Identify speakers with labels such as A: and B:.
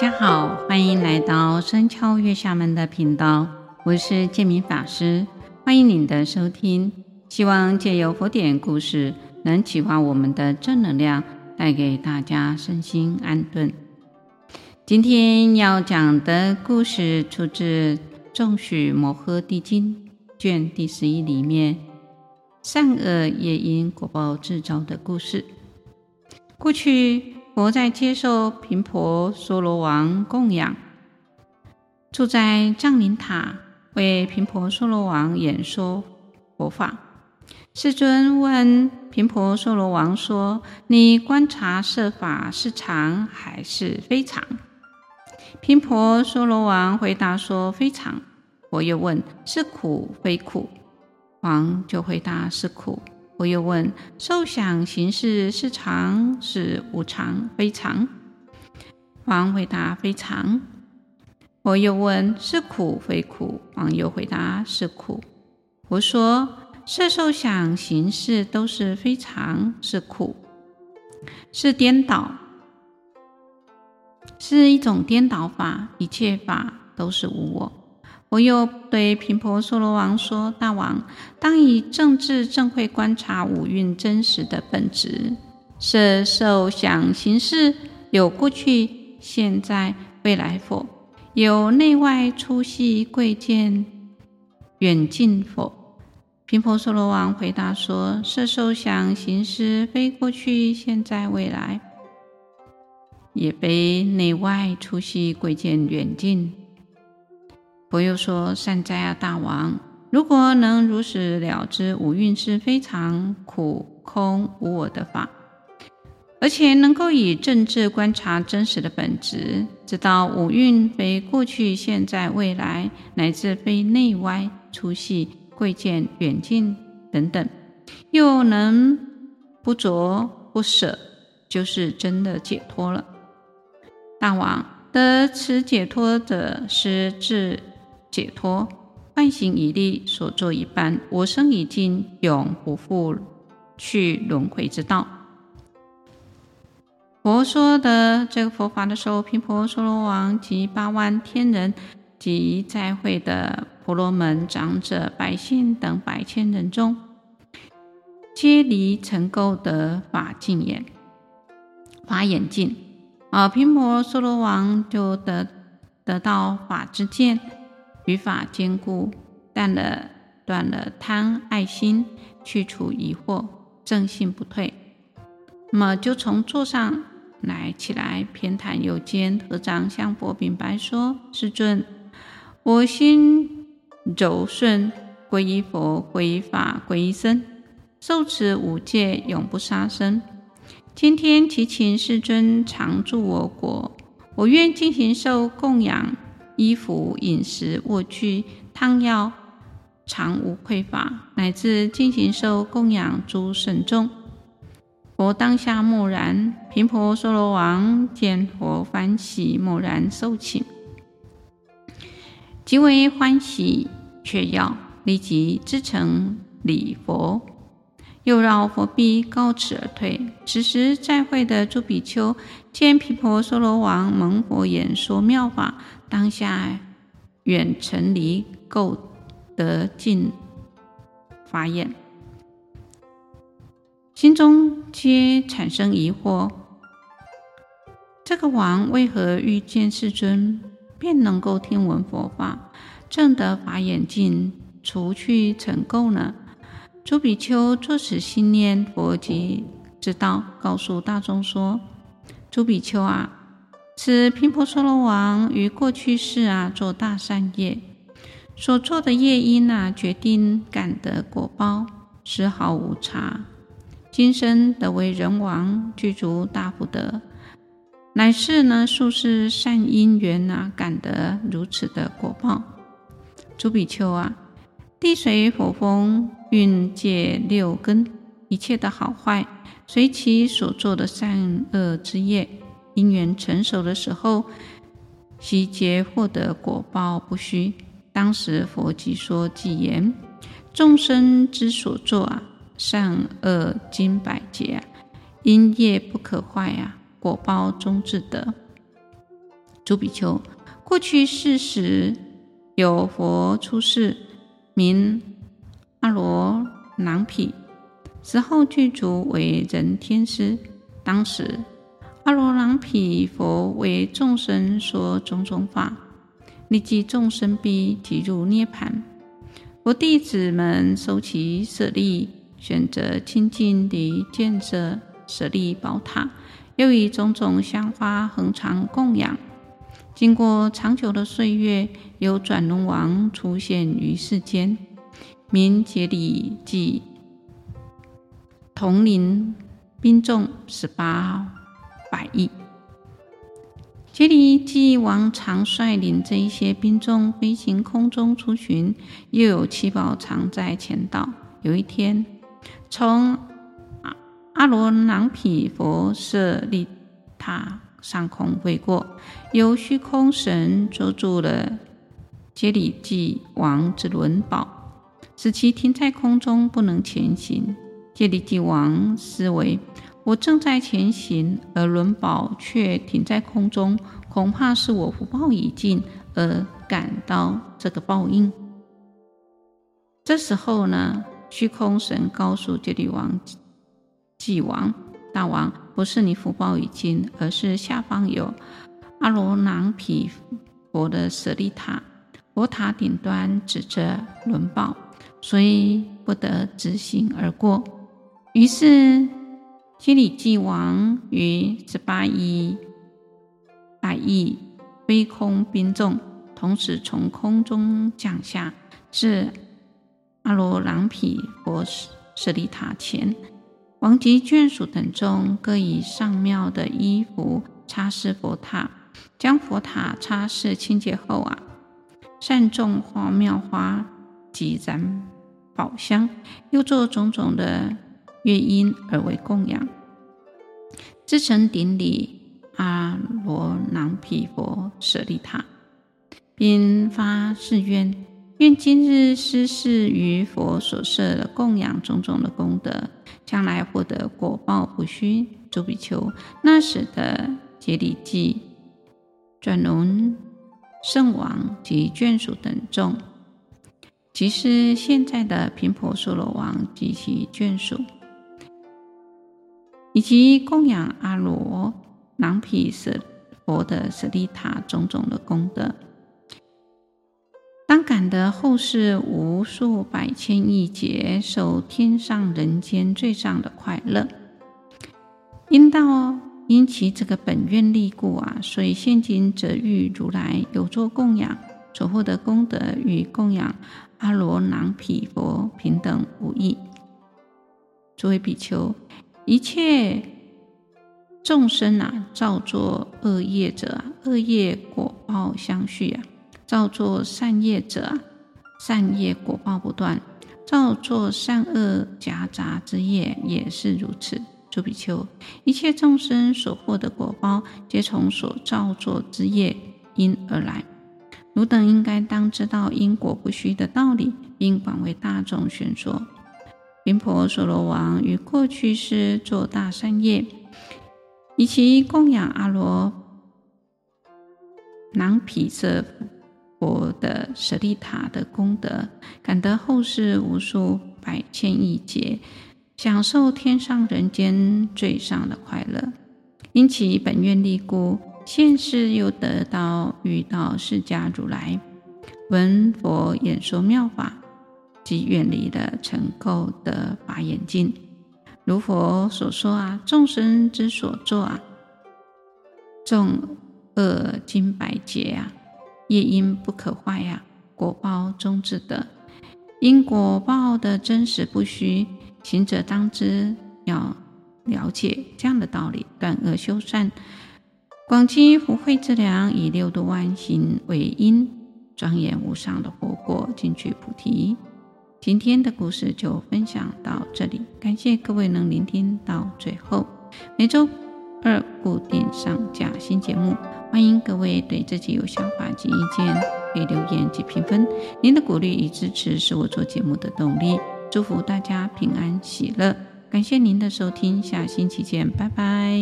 A: 大家好，歡迎來到僧敲月下門的頻道，我是建明法師，歡迎您的收聽。希望借由佛典故事，能啟發我們的正能量，帶給大家身心安頓。今天要講的故事出自《眾許摩訶帝經》卷第十一裡面善惡業因果報自招」的故事。過去。佛在接受頻婆娑羅王供養，住在杖林塔，為頻婆娑羅王演說佛法。世尊問頻婆娑羅王說：“你觀察色法是常還是非常？”頻婆娑羅王回答說：“非常。”佛又問：“是苦非苦？”王就回答：“是苦。”我又問：受想行識是常是無常？非常。王回答：非常。我又問：是苦非苦？王又回答：是苦。我說：是受想行識都是非常，是苦，是顛倒，是一種顛倒法，一切法都是無我。我又對頻婆娑羅王說：“大王，當以正智正慧觀察五蘊真實的本質，色受想行識有過去、現在、未來否？有內外、粗細、貴賤、遠近否？”頻婆娑羅王回答說：“色受想行識非過去、現在、未來，也非內外、粗細、貴賤、遠近。”佛又說：“善哉啊，大王！如果能如實了知五蘊是非常苦、空、無我的法，而且能夠以正智觀察真實的本質，知道五蘊非過去、現在、未來，乃至非內外、粗細、貴賤、遠近等等，又能不着不舍，就是真的解脫了。大王得此解脫者，是智。”解脫，梵行已立，所作已辦，我生已盡，永不復趣輪迴之道。佛說的這個佛法的時候，頻婆娑羅王及八萬天人及在會的婆羅門長者、百姓等百千人眾，皆離塵垢得法淨眼，法眼淨啊！頻婆娑羅王就得得到法知見，於法堅固，斷了斷了貪愛心，去除疑惑，正信不退。那麼就從座上來起來，偏袒右肩，合掌向佛禀白說：“世尊，我心柔順，皈依佛，皈依法，皈依僧，受持五戒，永不殺生。今天祈請世尊常住我國，我願盡形壽供養。”衣服、飲食、臥具、湯藥，常無匱乏，乃至盡形壽供養諸聖眾，佛當下默然。頻婆娑羅王見佛歡喜，默然受請，極為歡喜，雀躍，立即至誠禮佛。右繞佛畢，告辭而退。此時在會的諸比丘見頻婆娑羅王蒙佛演說妙法，當下遠塵離垢，得淨法眼，心中皆產生疑惑：這個王為何遇見世尊，便能夠聽聞佛法，證得法眼淨，除去塵垢呢？諸比丘作此心念，佛即知道，告訴大眾說：“諸比丘啊，此頻婆娑羅王於過去世啊，做大善業，所做的業因啊，決定感得果報，絲毫無差。今生得為人王，具足大福德，乃是呢宿世善因緣啊，感得如此的果報。諸比丘啊。”地、水、火、風、蘊、界、六根，一切的好壞隨其所作的善惡之業，因緣成熟的時候，悉皆獲得果報不虛。當時佛即說偈言：眾生之所作啊，善惡經百劫啊，因業不可壞啊，果報終自得。諸比丘，過去世時有佛出世。名阿囉曩毘，十號具足為人天師。當時阿囉曩毘佛為眾生說種種法，利濟眾生畢，即入涅槃。佛弟子們收其舍利，選擇清淨地建立舍利寶塔，又以種種香花恆常供養。經過長久的歲月，有轉輪王出現於世間，名羯里計，統領兵眾十八百億。羯里計王常率領這一些兵眾飛行空中出巡，又有七寶常在前導。有一天，從阿囉曩毘佛舍利塔上空飛過，由虛空神捉住了羯里計王之輪寶，使其停在空中，不能前行。羯里計王思維：我正在前行，而輪寶卻停在空中，恐怕是我福報已盡，而感到這個報應。這時候呢，虛空神告訴羯里計王：大王。不是你福報已盡，而是下方有阿囉曩毘佛的舍利塔，佛塔頂端指着輪寶，所以不得直行而過。於是羯里計王與十八百億飛空兵眾，同時從空中降下，至阿囉曩毘佛舍利塔前。王及眷屬等眾，各以上妙的衣服擦拭佛塔，將佛塔擦拭清潔後啊，散眾花妙花，及燃寶香，又作種種的樂音而為供養，至誠頂禮阿囉曩毘佛舍利塔，並發誓願。願今日師事於佛所設的供養種種的功德，將來獲得果報不虛。諸比丘，那時的羯里計、轉輪聖王及眷屬等眾，即是現在的頻婆娑羅王及其眷屬，以及供養阿囉曩毘舍佛的舍利塔種種的功德。感得後世無數百千億劫受天上人間最上的快樂，因道，因其這個本願力故啊，所以現今值遇如來有作供養，所獲得功德與供養阿囉曩毘佛平等無異。諸比丘，一切眾生啊，造作惡業者，惡業果報相續啊。造作善業者，善業果報不斷；造作善惡夾雜之業也是如此。諸比丘，一切眾生所獲得果報，皆從所造作之業因而來。汝等應該當知道因果不虛的道理，並廣為大眾宣說。頻婆娑羅王於過去世作大善業，以其供養阿囉曩毘者。佛的舍利塔的功德，感得後世無數百千億劫，享受天上人間最上的快樂。因其本願力故，現世又得到遇到釋迦如來，聞佛演說妙法，即遠離了塵垢的法眼淨。如佛所說啊，眾生之所作啊，眾惡經百劫啊。業因不可壞呀、啊，果報終自得。因果報的真實不虛，行者當知要了解這樣的道理，斷惡修善，廣積福慧之糧，以六度萬行為因，莊嚴無上的佛果，進趣菩提。今天的故事就分享到這裡，感謝各位能聆聽到最後。每周二固定上架新節目。歡迎各位對自己有想法及意見，可以留言及評分。您的鼓勵與支持是我做節目的動力。祝福大家平安喜樂，感謝您的收聽，下星期見，拜拜。